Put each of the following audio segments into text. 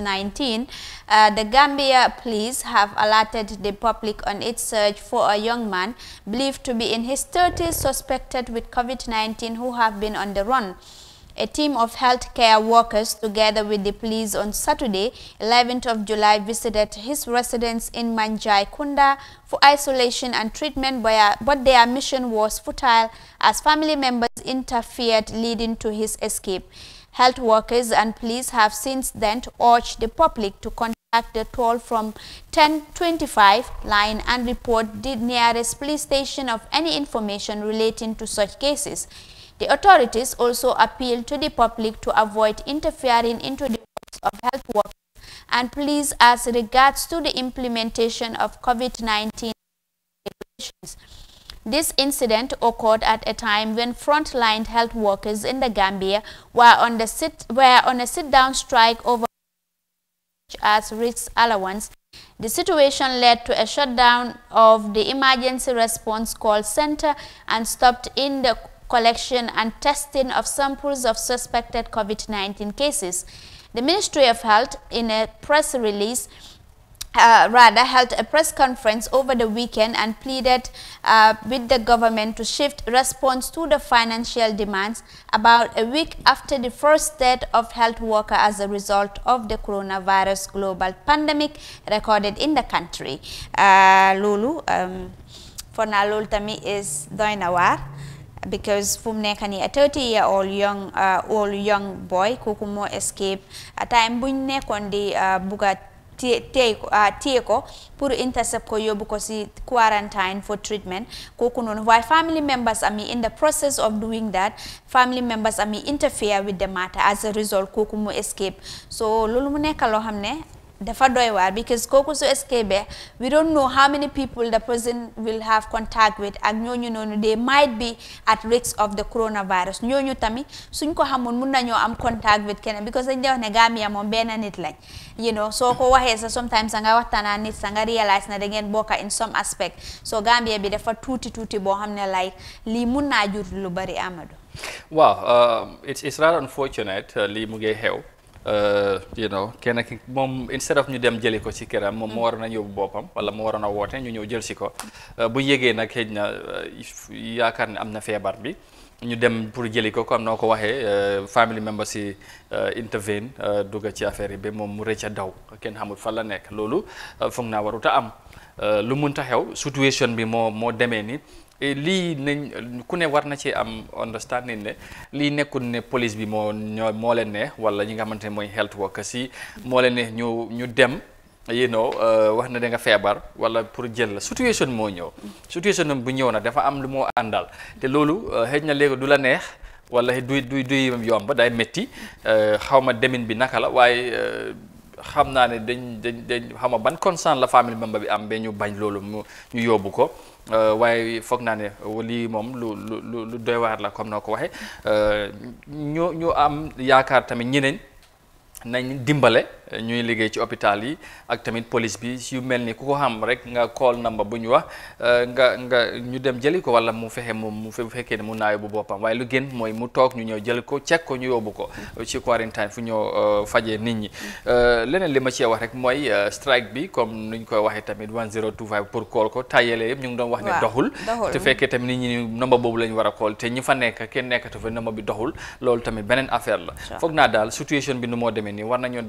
19, uh, the Gambia police have alerted the public on its search for a young man believed to be in his 30s suspected with COVID-19 who have been on the run. A team of healthcare workers together with the police on Saturday, 11th of July, visited his residence in Manjai Kunda for isolation and treatment, but uh, their mission was futile as family members interfered leading to his escape. Health workers and police have since then urged the public to contact the toll from 1025 line and report the nearest police station of any information relating to such cases. The authorities also appeal to the public to avoid interfering into the works of health workers and police as regards to the implementation of COVID-19 regulations. This incident occurred at a time when frontline health workers in the Gambia were on, the sit, were on a sit-down strike over as risk allowance. The situation led to a shutdown of the emergency response call center and stopped in the collection and testing of samples of suspected COVID-19 cases. The Ministry of Health, in a press release, uh, rather held a press conference over the weekend and pleaded uh, with the government to shift response to the financial demands about a week after the first death of health worker as a result of the coronavirus global pandemic recorded in the country. Uh, Lulu, um, for now, Lulu is doina waar. because Fumne Kani, a 30 year old young uh, old young boy Kukumo escaped escape time when nekkoon di uh, téye téye uh, ko pour intercept ko yóbbu ko si quarantine for treatment kooku noonu waaye family members am yi in the process of doing that family members am yi interfere with the matter as a result kooku mu escape so loolu mu nekk loo xam ne dafa doy waar because kooku su escape we don't know how many people the person will have contact with ak ñooñu noonu they might be at risk of the coronavirus ñooñu tamit suñ ko xamul mun nañoo am contact with keneen because dañ dee wax ne Gambia moom benn nit lañ you know soo ko waxee sa sometimes nga waxtaanaa nit sa nga realize na da ngeen bokka in some aspect so Gambia bi dafa tuuti tuuti boo xam ne like lii mun naa jur lu bari Amadou. waaw um, it's it's rather unfortunate uh, Euh, you know kenn ki moom instead of ñu dem jëli ko ci këram moom moo waroon a yóbbu boppam wala moo waroona woote ñu ñëw jël si ko euh, bu yégee nag xëy na euh, yaakaar ne am na feebar bi ñu dem pour jëli ko comme noo ko waxee family member si intervene dugg ci affaire yi ba moom mu rëcc a daw kenn xamul fan la nekk loolu foog naa waruta am lu munta xew situation bi moo moo demee ni lii nañ ku ne war na ci am understanding ne lii nekkul ne police bi moo ñoo moo leen neex wala ñi nga xamante ne mooy health workers si moo leen ne ñu ñu dem you know euh, wax na danga nga feebar wala pour jël la situation moo ñëw situation bu ñëw nag dafa am lu moo àndal te loolu euh, xëj na léegi du la neex wala duy duy duy yomb day métti euh, xaw ma demin bi naka la waaye xam naa ne dañ dañ dañ xam nga ban consent la family member bi am ba ñu bañ loolu mu ñu yóbbu ko euh, waaye foog naa ne lii moom lu lu lu doy waar la comme noo ko waxee ñu euh, ñu am yaakaar tamit ñeneen nañ dimbale. ñuy liggéey ci hôpital yi ak tamit police bi yu mel ni ku ko xam rek nga call number bu ñu wax euh, nga nga ñu dem jëli ko wala mu fexe mu mu fekkee ne mu naayo bu boppam waaye lu gën mooy mu toog ñu ñëw jël ko cek ko ñu yóbbu ko ci quarantine fu ñëw euh, fajee nit ñi euh, leneen li ma cee wax rek mooy strike bi comme nuñ koy waxee tamit 1025 pour call ko tàyyele yëpp ñu ngi doon wax ne doxul te fekkee tamit nit ñi number boobu lañ war a call te ñi fa nekk kenn nekkatu fa bi doxul loolu tamit beneen affaire la foog naa daal moo demee nii war nañoo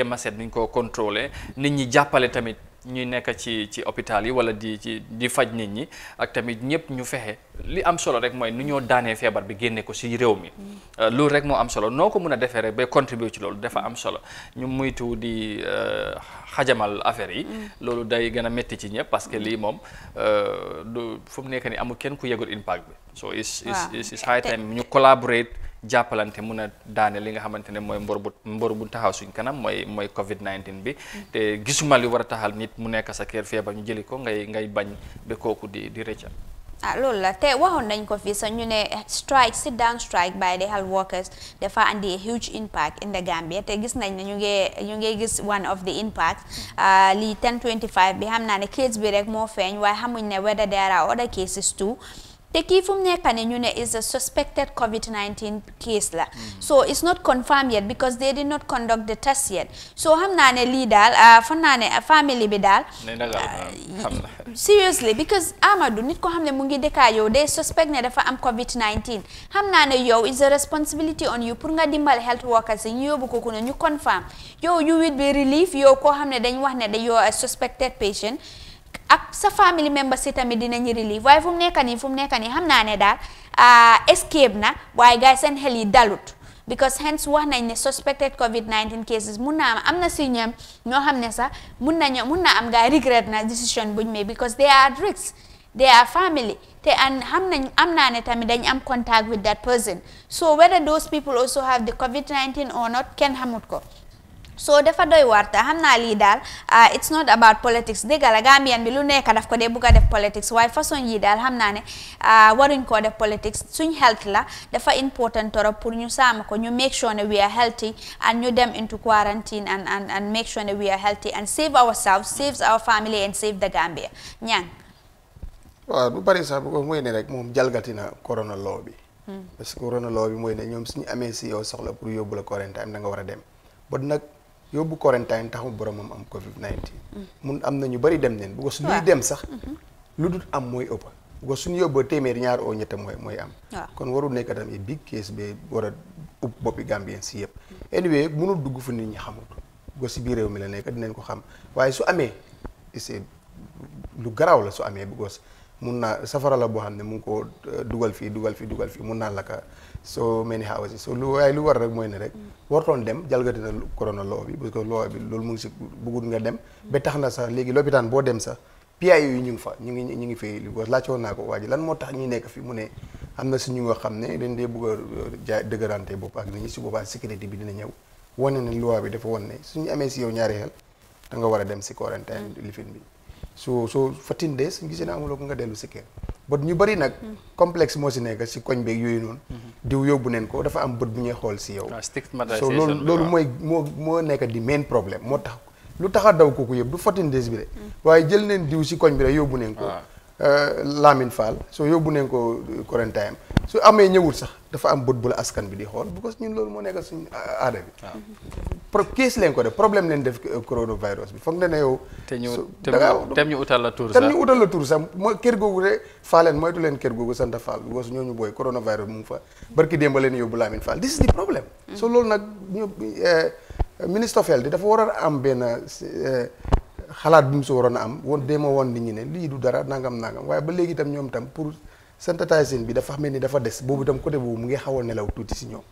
jéem a seet ni ñu ko contrôler nit ñi jàppale tamit ñuy nekk ci ci hôpital yi wala di ci di faj nit ñi ak tamit ñëpp ñu fexe li am solo rek mooy nu ñoo daanee feebar bi génne ko si réew mi mm. euh, loolu rek moo am solo noo ko mën a defee rek ba contribuer ci loolu dafa am solo ñu muytu di euh, xajamal affaire yi mm. loolu day gën a métti ci ñëpp parce que mm. lii moom euh, du fu mu nekk ni amul kenn ku yëgul impact bi so is is high time ñu collaborate jàppalante mun a daane li nga xamante ne mooy mbor bu mbor bu taxaw suñ kanam mooy mooy Covid 19 bi mm-hmm. te gisuma li war a taxal nit mu nekk sa kër feebar ñu jëli ko ngay ngay bañ ba kooku di di rëccal. ah loolu la te waxoon nañ ko fii sax ñu ne strike sit down strike by the health workers dafa andi a huge impact in the Gambia te gis nañ ne ñu ngi ñu ngi gis one of the impact ah, lii 1025 bi xam naa ne case bi rek moo feeñ waaye xamuñ ne whether there are other cases too. te kii fu mu nekk ne ñu ne is a suspected COVID-19 case la mm. so it's not confirmed yet because they did not conduct the test yet so xam naa ne lii daal ah, fan naa ne family bi daal ah, seriously because Amadou nit ko xam ne mu ngi dëkkaa yow day suspect ne dafa am COVID-19 xam naa ne yow is a responsibility on you pour nga dimbal health workers yi ñu yóbbu ko ku ñu confirm yow you will be relief yow koo xam ne dañ wax ne da yow a suspected patient ak sa family members tamit dinañu relieve waaye fu mu nekk nii fu mu nekk nii xam naa ne daal escape na waaye gars seen xel yi dalut because hence wax nañ ne suspected COVID-19 cases mun naa am am na si ñoom ñoo xam ne sax mun nañoo mun naa am gars regret na decision buñ may because they are at risk they are family te an xam nañ am naa ne tamit dañ am contact with that person so whether those people also have the COVID-19 or not kenn xamut ko. so dafa doy waar te xam naa lii daal ah, it's not about politics dégg la Gambian lu nekk daf ko de bugg a def politics waaye façon yi daal xam naa ne ah, waruñ koo def politics suñ health la defa important torop pour ñu saama ko ñu make sure ne we healthy and ñu dem into quarantine and and and make sure ne we are healthy and save ourselves save our family and save the Gambia ñaan waaw du bari sax ko mooy ne rek moom jalgati na corona law bi hmm. parce que corona law bi mooy ne ñoom suñu amee si yow soxla pour yóbbu la quarantine da nga war a dem bon yóbbu quarantaine taxul boromam am Covid 19. Mm. mun am na ñu bari dem neen bu ko su ñuy dem sax. Mm-hmm. lu dul am mooy ëpp. bu suñ su ñu yóbboo ñaar oo ñett mooy mooy am. kon warul nekk tamit big case bi war a ub boppi Gambien si yëpp. anyway mënul dugg fu nit ñi xamut bu si biir réew mi la nekk dinañ ko xam waaye su amee c'est lu garaaw la su amee bu ko mun naa safara la boo xam ne mu ngi koo euh, dugal fii dugal fii dugal fii mun naa lakka so many hours so lu waaye lu war rek mooy ne rek mm. wartoon dem jalgati na corona law bi parce que law bi loolu mu ngi si bëggul nga dem ba tax na sax léegi lopitaan boo dem sax PIO yi ñu ngi fa ñu ngi ñu ngi fay li laajoon naa ko waa ji lan moo tax ñuy nekk fi mu ne am na ñu nga xam ne dañ dee bëgg a euh, jaay dëgërante bopp ak nit ñi su boobaa sécurité bi dina ñëw wane ne loi bi dafa wan ne amee si yow ñaari xel da nga war a dem si quarantaine mm. lifin bi soo soo fa tindee suñ gisee ne amuloo ko nga dellu si kër bët ñu bari nag mm. complexe moo si nekk si koñ beeg yooyu noonu mm-hmm. diw yóbbu neen ko dafa am bët bu ñuy xool si yow ah, so loolu loolu mooy moo moo nekk di main problème moo tax lu taxa daw kooku yëpp du fourteen days bi de mm. waaye jël neen diw si koñ bi rek yóbbu neen ko ah. Euh, Lamine Fall soo yóbbu nañ ko Korentaayam su amee ñëwul sax dafa am bët bu la askan bi di xool parce que ñun loolu moo nekk suñu aada bi. Ah. kiis ko def problème leen def euh, coronavirus bi foog na ne yow. te ñu tem ñu utal la tur sax tem ñu utal mooy kër googu de Falleen moytu leen kër googu sant Fall parce que ñooñu booy coronavirus mu ngi fa barki démb leen yóbbu Lamine Fall this is the problem. Mm. so loolu nag ñu euh, ministre of health dafa war a am benn. xalaat bi mu si waroon a am woon dee ma woon nit ñi ne lii du dara nangam nangam waaye ba léegi itam ñoom itam pour synthétisine bi dafa mel ni dafa des boobu itam côté boobu mu ngi xaw a nelaw tuuti si ñoom.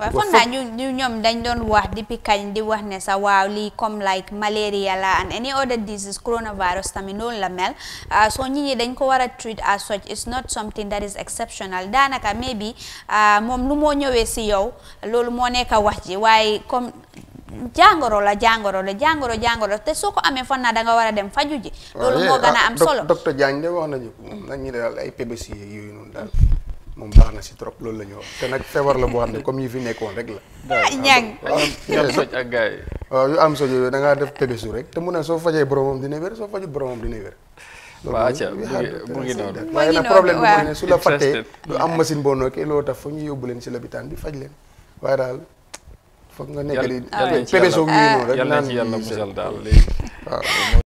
waaw foog naa ñu ñoom dañ doon wax depuis kañ di wax ne sa waaw lii comme like malaria la and any other disease coronavirus tamit noonu la mel ah, so ñi ñi dañ ko war a treat as such it's not something that is exceptional daanaka maybe ah, moom lu moo jangoro la jangoro la jangoro jangoro te soko amé fon naa da nga wara dem fajuji lolou mo gëna am solo docteur jang de wax nañu nañu dal ay PBC yooyu noonu dal mom baax na si trop lolou lañu wax te nak fever la bo xamné comme yi fi nekkoon rek la ñang ñal soj ak gaay wa yu am soj da nga def su rek te mu ne so fajé boromam dina wër so fajé boromam dina wér waaw atia problème bi ne su la fattee du am machine boo nokkee tax fa ñu yóbbu leen si bi faj leen waaye daal foog nga nekk di. yàlla yàlla ci yàlla yàlla ci yàlla musal daal léegi waaw.